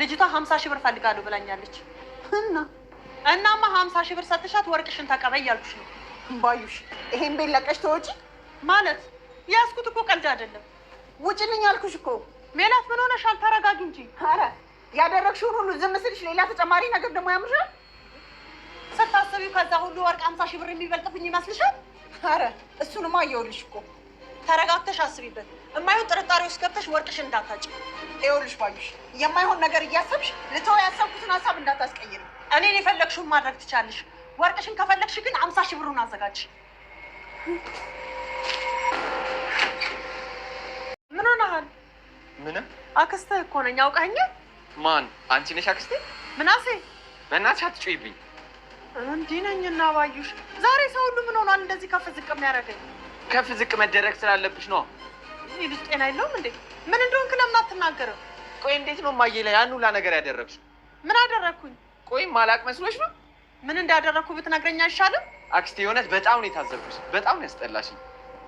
ልጅቷ ሀምሳ ሺህ ብር ፈልጋለሁ ብላኛለች እና እናማ ሀምሳ ሺህ ብር ሰጥሻት ወርቅሽን ተቀበይ እያልኩሽ ነው። ባዩሽ ይሄን ቤት ለቀሽ ተወጪ ማለት ያስኩት እኮ ቀልድ አይደለም። ውጭልኝ ያልኩሽ እኮ ሜላት። ምን ሆነሻል? ተረጋጊ እንጂ። አረ ያደረግሽውን ሁሉ ዝም ስልሽ ሌላ ተጨማሪ ነገር ደግሞ ያምርሻል ስታስቢው። ከዛ ሁሉ ወርቅ ሀምሳ ሺህ ብር የሚበልጥብኝ ይመስልሻል? አረ እሱንማ አየሁልሽ እኮ። ተረጋግተሽ አስቢበት። የማይሆን ጥርጣሬ ውስጥ ገብተሽ ወርቅሽ እንዳታጭ። ይኸውልሽ ባዩሽ፣ የማይሆን ነገር እያሰብሽ ልተው ያሰብኩትን ሀሳብ እንዳታስቀይር። እኔን የፈለግሽውን ማድረግ ትቻለሽ። ወርቅሽን ከፈለግሽ ግን አምሳ ሺህ ብሩን አዘጋጅ። ምን ሆነሃል? ምን አክስትህ እኮ ነኝ። አውቃኝ? ማን? አንቺ ነሽ አክስቴ? ምናሴ፣ በእናትሽ አትጮይብኝ። እንዲህ ነኝ እና ባዩሽ፣ ዛሬ ሰው ሁሉ ምን ሆኗል እንደዚህ ከፍ ዝቅ የሚያደርገኝ? ከፍ ዝቅ መደረግ ስላለብሽ ነው ይህ ልጅ ጤና የለውም እንዴ? ምን እንደሆንክ ለምን አትናገርም? ቆይ እንዴት ነው እማዬ ላይ ያን ሁላ ነገር ያደረግሽ? ምን አደረግኩኝ? ቆይ ማላቅ መስሎች ነው? ምን እንዳደረግኩ ብትነግረኝ አይሻልም? አክስቴ የእውነት በጣም ነው የታዘብኩሽ። በጣም ነው ያስጠላሽኝ።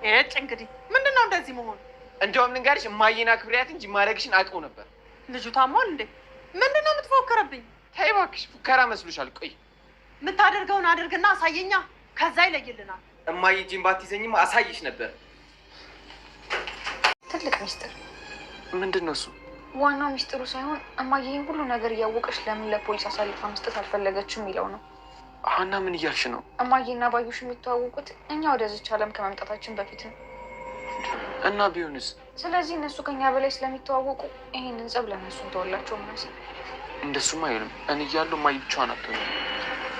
ይህጭ እንግዲህ ምንድን ነው እንደዚህ መሆኑ? እንደውም ልንገርሽ እማዬን አክብሪያት እንጂ ማድረግሽን አውቀው ነበር። ልጁ ታሟል እንዴ? ምንድን ነው የምትፎክርብኝ? ተይ እባክሽ፣ ፉከራ መስሎሻል? ቆይ የምታደርገውን አድርግና አሳየኛ፣ ከዛ ይለይልናል። እማዬ ጂምባት ይዘኝማ አሳይሽ ነበር ትልቅ ሚስጥር ምንድን ነው እሱ? ዋናው ሚስጥሩ ሳይሆን እማዬ ይህን ሁሉ ነገር እያወቀች ለምን ለፖሊስ አሳልፋ መስጠት አልፈለገችም የሚለው ነው። ሀና ምን እያልሽ ነው? እማዬና ባዩሽ የሚተዋወቁት እኛ ወደዚች ዓለም ከመምጣታችን በፊት ነው። እና ቢሆንስ? ስለዚህ እነሱ ከኛ በላይ ስለሚተዋወቁ ይህንን ጸብ ለነሱ እንተወላቸው ምናሴ። እንደሱም አይሆንም። እኔ እያለሁ እማዬ ብቻዋን አትሆንም።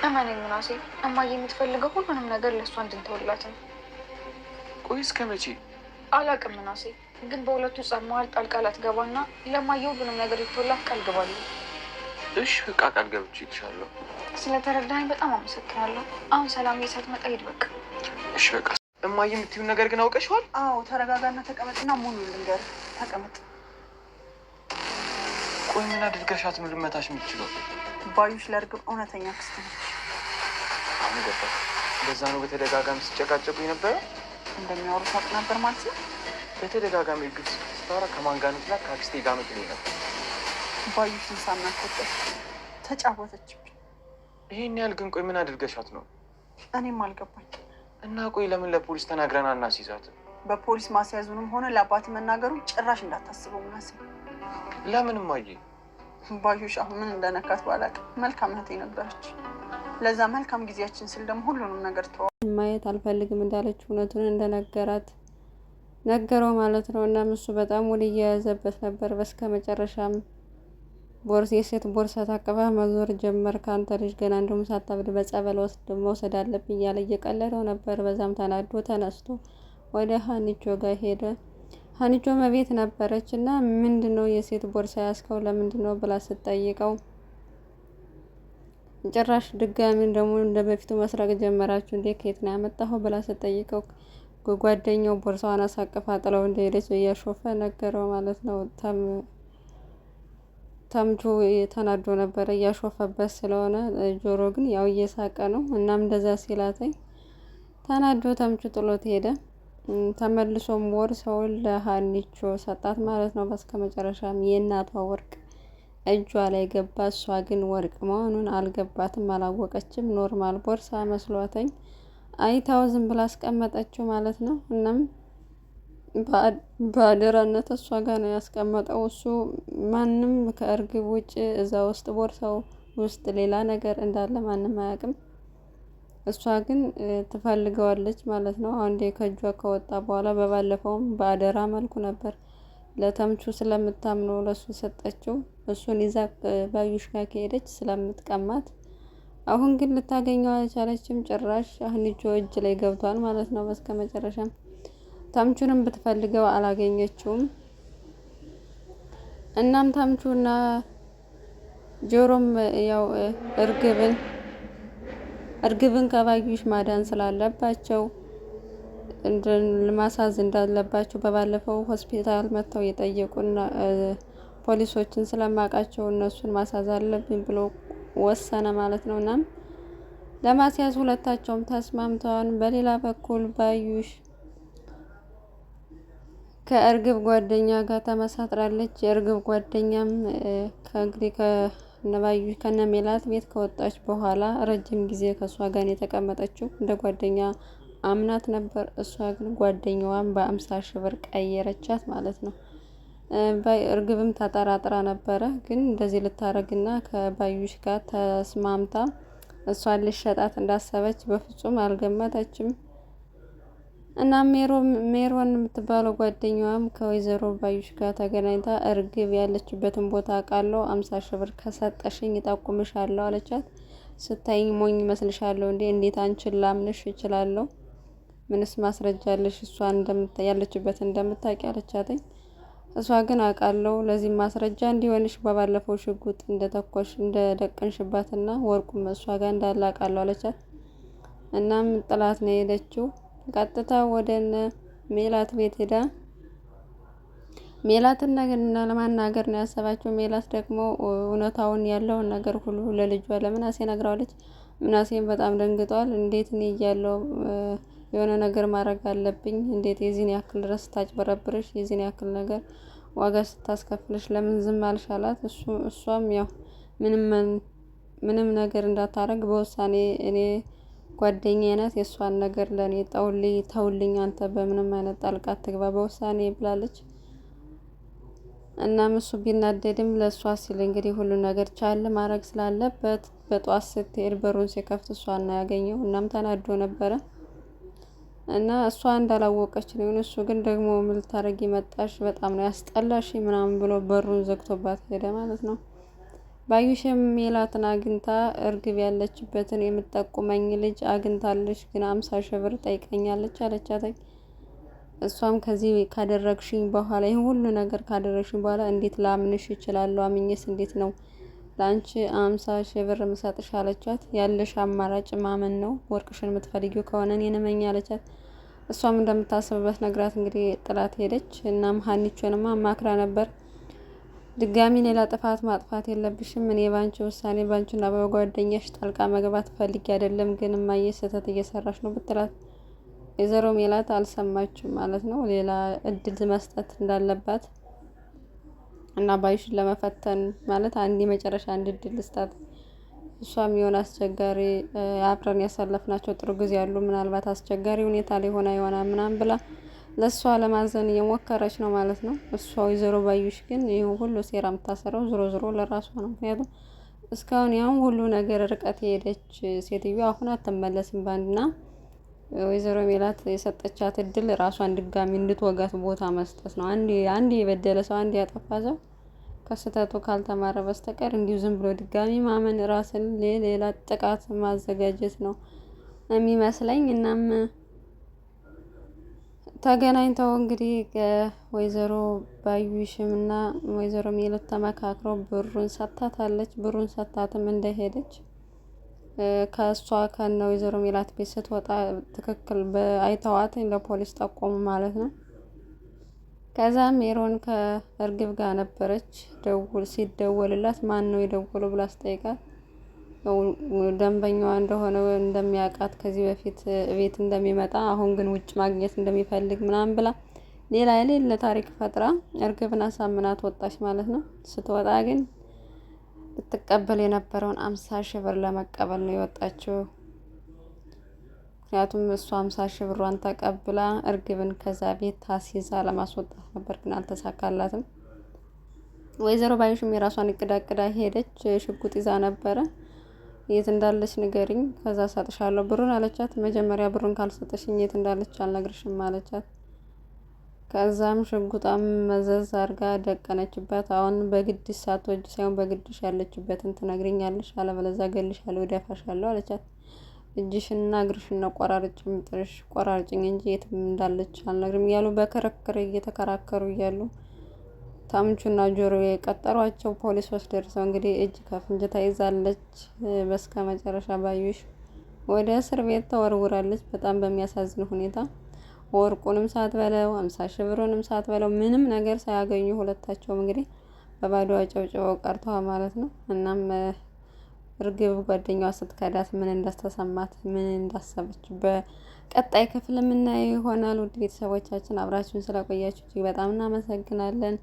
እመኔ ምናሴ፣ እማዬ የምትፈልገው ሁሉንም ነገር ለእሷ እንድንተውላት ነው። ቆይ እስከ መቼ? አላቅም ምናሴ ግን በሁለቱ ህፃን መሀል ጣልቃ ላትገባና ለማየ ሁሉንም ነገር ልትወላት ቃል ገባለሁ። እሺ በቃ ቃል ገብቼ ይልሻለሁ። ስለተረዳኝ በጣም አመሰግናለሁ። አሁን ሰላም ሳትመጣ ሂድ በቃ። እሺ በቃ እማዬ የምትይውን ነገር ግን አውቀሽዋል? አዎ ተረጋጋና ተቀመጥና ሙሉ ልንገር። ተቀመጥ። ቆይ ምን አድርገሻት ነው ልመታሽ የምትችለው? ባዩሽ ለእርግብ እውነተኛ ክስት ነች። አሁን ገባ። በዛ ነው በተደጋጋሚ ሲጨቃጨቁ ነበረ። እንደሚያወሩት አውቅ ነበር ማለት ነው። በተደጋጋሚ ግልጽ ስታወራ ከማን ጋር ነው ከአክስቴ ጋር ነው ትለኝ ነበር። ባዩሽን ሳናቆጠች ተጫወተችብኝ። ይሄን ያህል ግን ቆይ ምን አድርገሻት ነው? እኔም አልገባኝ እና ቆይ ለምን ለፖሊስ ተናግረን አናስይዛት? በፖሊስ ማስያዙንም ሆነ ለአባት መናገሩ ጭራሽ እንዳታስበው ምናስብ። ለምንም አየ ባዩሽ አሁን ምን እንደነካት ባላውቅም መልካም እህቴ ነበረች። ለዛ መልካም ጊዜያችን ስል ደግሞ ሁሉንም ነገር ተዋ ማየት አልፈልግም እንዳለች እውነቱን እንደነገራት ነገረው ማለት ነው። እናም እሱ በጣም ውል እየያዘበት ነበር። በስከ መጨረሻም ቦርስ የሴት ቦርሳ ታቀፋ መዞር ጀመር። ከአንተ ልጅ ገና እንደውም ሳታብድ በጸበል ወስድ መውሰድ አለብኝ እያለ እየቀለለው ነበር። በዛም ተናዶ ተነስቶ ወደ ሀኒቾ ጋር ሄደ። ሀኒቾ መቤት ነበረች እና ምንድ ነው የሴት ቦርሳ ያስከው ለምንድ ነው ብላ ስትጠይቀው ጭራሽ ድጋሚ ደግሞ እንደ በፊቱ መስረቅ ጀመራችሁ እንዴ ከየት ነው ያመጣሁ ብላ ስትጠይቀው ጓደኛው ቦርሳዋን አሳቅፋ ጥለው እንደሄደች እያሾፈ ነገረው ማለት ነው። ተምቹ ተናዶ ነበረ እያሾፈበት ስለሆነ፣ ጆሮ ግን ያው እየሳቀ ነው። እናም እንደዛ ሲላተኝ ተናዶ ተምቹ ጥሎት ሄደ። ተመልሶም ቦርሳውን ለሀኒቾ ሰጣት ማለት ነው። በስከ መጨረሻም የእናቷ ወርቅ እጇ ላይ ገባ። እሷ ግን ወርቅ መሆኑን አልገባትም፣ አላወቀችም። ኖርማል ቦርሳ መስሏተኝ አይታው ዝም ብላ አስቀመጠችው ማለት ነው። እናም በአደራነት እሷ ጋር ነው ያስቀመጠው። እሱ ማንም ከእርግብ ውጭ እዛ ውስጥ ቦርሳው ውስጥ ሌላ ነገር እንዳለ ማንም አያውቅም። እሷ ግን ትፈልገዋለች ማለት ነው። አንዴ ከእጇ ከወጣ በኋላ በባለፈውም በአደራ መልኩ ነበር ለተምቹ ስለምታምነው ለሱ ሰጠችው። እሱን ይዛ ባዩሽ ጋር ከሄደች ስለምትቀማት አሁን ግን ልታገኘው አልቻለችም። ጭራሽ አህንቾ እጅ ላይ ገብቷል ማለት ነው። በስከ መጨረሻም ታምቹንም ብትፈልገው አላገኘችውም። እናም ታምቹና ጆሮም ያው እርግብን እርግብን ከባዩሽ ማዳን ስላለባቸው ማሳዝ እንዳለባቸው በባለፈው ሆስፒታል መጥተው የጠየቁና ፖሊሶችን ስለማውቃቸው እነሱን ማሳዝ አለብኝ ብሎ ወሰነ ማለት ነው። እናም ለማስያዝ ሁለታቸውም ተስማምተዋል። በሌላ በኩል ባዩሽ ከእርግብ ጓደኛ ጋር ተመሳጥራለች። የእርግብ ጓደኛም ከእንግዲህ ከነባዩ ከነሜላት ቤት ከወጣች በኋላ ረጅም ጊዜ ከእሷ ጋር የተቀመጠችው እንደ ጓደኛ አምናት ነበር። እሷ ግን ጓደኛዋን በአምሳ ሺህ ብር ቀየረቻት ማለት ነው። ባይ እርግብም ተጠራጥራ ነበረ። ግን እንደዚህ ልታረግና ከባዩሽ ጋር ተስማምታ እሷን ልሸጣት እንዳሰበች በፍጹም አልገመተችም። እና ሜሮን የምትባለው ጓደኛዋም ከወይዘሮ ባዩሽ ጋር ተገናኝታ እርግብ ያለችበትን ቦታ አውቃለሁ፣ አምሳ ሺህ ብር ከሰጠሽኝ እጠቁምሻለሁ አለቻት። ስታይኝ ሞኝ እመስልሻለሁ እንዴ? እንዴት አንቺን ላምንሽ እችላለሁ? ምንስ ማስረጃ አለሽ እሷ ያለችበት እንደምታውቂ አለቻትኝ። እሷ ግን አውቃለሁ ለዚህ ማስረጃ እንዲሆንሽ በባለፈው ሽጉጥ እንደተኮሽ እንደደቀንሽባትና ወርቁም እሷ ጋር እንዳለ አውቃለሁ አለቻት። እናም ጥላት ነው የሄደችው። ቀጥታ ወደ እነ ሜላት ቤት ሄዳ ሜላትን ነገር ለማናገር ነው ያሰባቸው። ሜላት ደግሞ እውነታውን ያለውን ነገር ሁሉ ለልጇ ለምናሴ ነግረዋለች። ምናሴም በጣም ደንግጧል። እንዴት እኔ እያለው የሆነ ነገር ማድረግ አለብኝ። እንዴት የዚህን ያክል ድረስ ታጭበረብርሽ የዚህን ያክል ነገር ዋጋ ስታስከፍልሽ ለምን ዝም አልሽ አላት። እሷም ያው ምንም ነገር እንዳታረግ በውሳኔ እኔ ጓደኛ ናት፣ የእሷን ነገር ለእኔ ተውልኝ ተውልኝ፣ አንተ በምንም አይነት ጣልቃ ትግባ በውሳኔ ብላለች። እናም እሱ ቢናደድም ለእሷ ሲል እንግዲህ ሁሉ ነገር ቻል ማድረግ ስላለበት በጠዋት ስትሄድ በሩን ሲከፍት እሷን ነው ያገኘው። እናም ተናዶ ነበረ። እና እሷ እንዳላወቀች ነው የሆነ እሱ ግን ደግሞ ምን ልታረጊ መጣሽ በጣም ነው ያስጠላሽ ምናምን ብሎ በሩን ዘግቶባት ሄደ ማለት ነው። ባዩሽም ሜላትን አግኝታ እርግብ ያለችበትን የምጠቁመኝ ልጅ አግኝታለች፣ ግን አምሳ ሺህ ብር ጠይቀኛለች አለቻተኝ። እሷም ከዚህ ካደረግሽኝ በኋላ ይህን ሁሉ ነገር ካደረግሽኝ በኋላ እንዴት ላምንሽ ይችላለሁ? አምኜስ እንዴት ነው ለአንቺ አምሳ ሺህ ብር ምሰጥሽ አለቻት። ያለሽ አማራጭ ማመን ነው። ወርቅሽን የምትፈልጊው ከሆነ እኔን እመኝ አለቻት። እሷም እንደምታስብበት ነግራት እንግዲህ ጥላት ሄደች። እናም ሀኒቾንማ አማክራ ነበር ድጋሚ ሌላ ጥፋት ማጥፋት የለብሽም። እኔ ባንቺ ውሳኔ ባንቺና በጓደኛሽ ጣልቃ መግባት ፈልጌ አይደለም፣ ግን እማዬ ስህተት እየሰራሽ ነው ብትላት ወይዘሮ ሜላት አልሰማችም ማለት ነው። ሌላ እድል መስጠት እንዳለባት እና ባዩሽን ለመፈተን ማለት አንድ የመጨረሻ አንድ እድል ልስጣት። እሷም የሆነ አስቸጋሪ አብረን ያሳለፍናቸው ጥሩ ጊዜ ያሉ ምናልባት አስቸጋሪ ሁኔታ ላይ ሆና የሆና ምናምን ብላ ለእሷ ለማዘን እየሞከረች ነው ማለት ነው። እሷ ወይዘሮ ባዩሽ ግን ይህ ሁሉ ሴራ የምታሰረው ዝሮ ዝሮ ለራሷ ነው። ምክንያቱም እስካሁን ያም ሁሉ ነገር ርቀት የሄደች ሴትዮ አሁን አትመለስም ባንድና ወይዘሮ ሜላት የሰጠቻት እድል ራሷን ድጋሚ እንድትወጋት ቦታ መስጠት ነው። አንድ የበደለ ሰው አንድ ያጠፋ ሰው ከስህተቱ ካልተማረ በስተቀር እንዲሁ ዝም ብሎ ድጋሚ ማመን ራስን ለሌላ ጥቃት ማዘጋጀት ነው የሚመስለኝ። እናም ተገናኝተው እንግዲህ ወይዘሮ ባዩሽም እና ወይዘሮ ሜላት ተመካክረው ብሩን ሰታታለች። ብሩን ሰታትም እንደሄደች ከእሷ ከነ ወይዘሮ ሜላት ቤት ስትወጣ ትክክል አይተዋት ለፖሊስ ጠቆሙ ማለት ነው። ከዛ ሜሮን ከእርግብ ጋር ነበረች። ደውል ሲደወልላት ማን ነው የደወለው ብላ ስጠይቃት ደንበኛዋ እንደሆነ እንደሚያውቃት ከዚህ በፊት ቤት እንደሚመጣ አሁን ግን ውጭ ማግኘት እንደሚፈልግ ምናምን ብላ ሌላ የሌለ ታሪክ ፈጥራ እርግብን አሳምናት ወጣች ማለት ነው። ስትወጣ ግን ልትቀበል የነበረውን አምሳ ሺህ ብር ለመቀበል ነው የወጣችው። ምክንያቱም እሱ አምሳ ሺህ ብሯን ተቀብላ እርግብን ከዛ ቤት ታስይዛ ለማስወጣት ነበር፣ ግን አልተሳካላትም። ወይዘሮ ባዩሽም የራሷን እቅድ አቅዳ ሄደች። ሽጉጥ ይዛ ነበረ። የት እንዳለች ንገሪኝ፣ ከዛ ሰጥሻለሁ ብሩን አለቻት። መጀመሪያ ብሩን ካልሰጠሽኝ የት እንዳለች አልነግርሽም አለቻት። ከዛም ሽጉጣም መዘዝ አርጋ ደቀነችበት። አሁን በግድሽ ሳትወጅ ሳይሆን በግድሽ ያለችበትን ትነግሪኛለሽ፣ አለበለዚያ እገልሻለሁ፣ እደፋሻለሁ አለቻት። እጅሽና እግርሽን ነው ቆራርጭ ምጥርሽ ቆራርጭኝ እንጂ የትም እንዳለች አልነግርም እያሉ በክርክር እየተከራከሩ እያሉ ታምቹና ጆሮ የቀጠሯቸው ፖሊሶች ደርሰው እንግዲህ እጅ ከፍንጅ ተይዛለች። በስከ መጨረሻ ባዩሽ ወደ እስር ቤት ተወርውራለች በጣም በሚያሳዝን ሁኔታ። ወርቁንም ሳትበለው አምሳ ሺህ ብሩንም ሳትበለው ምንም ነገር ሳያገኙ ሁለታቸውም እንግዲህ በባዶ ጨብጭበው ቀርተዋል ማለት ነው። እናም እርግብ ጓደኛዋ ስትከዳት ምን እንዳስተሰማት ምን እንዳሰበች በቀጣይ ክፍል የምናየው ይሆናል። ውድ ቤተሰቦቻችን አብራችሁን ስለቆያችሁ እጅግ በጣም እናመሰግናለን።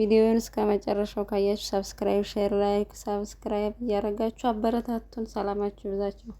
ቪዲዮውን እስከ መጨረሻው ካያችሁ ሰብስክራይብ፣ ሼር፣ ላይክ፣ ሰብስክራይብ እያደረጋችሁ አበረታቱን። ሰላማችሁ ይብዛችሁ።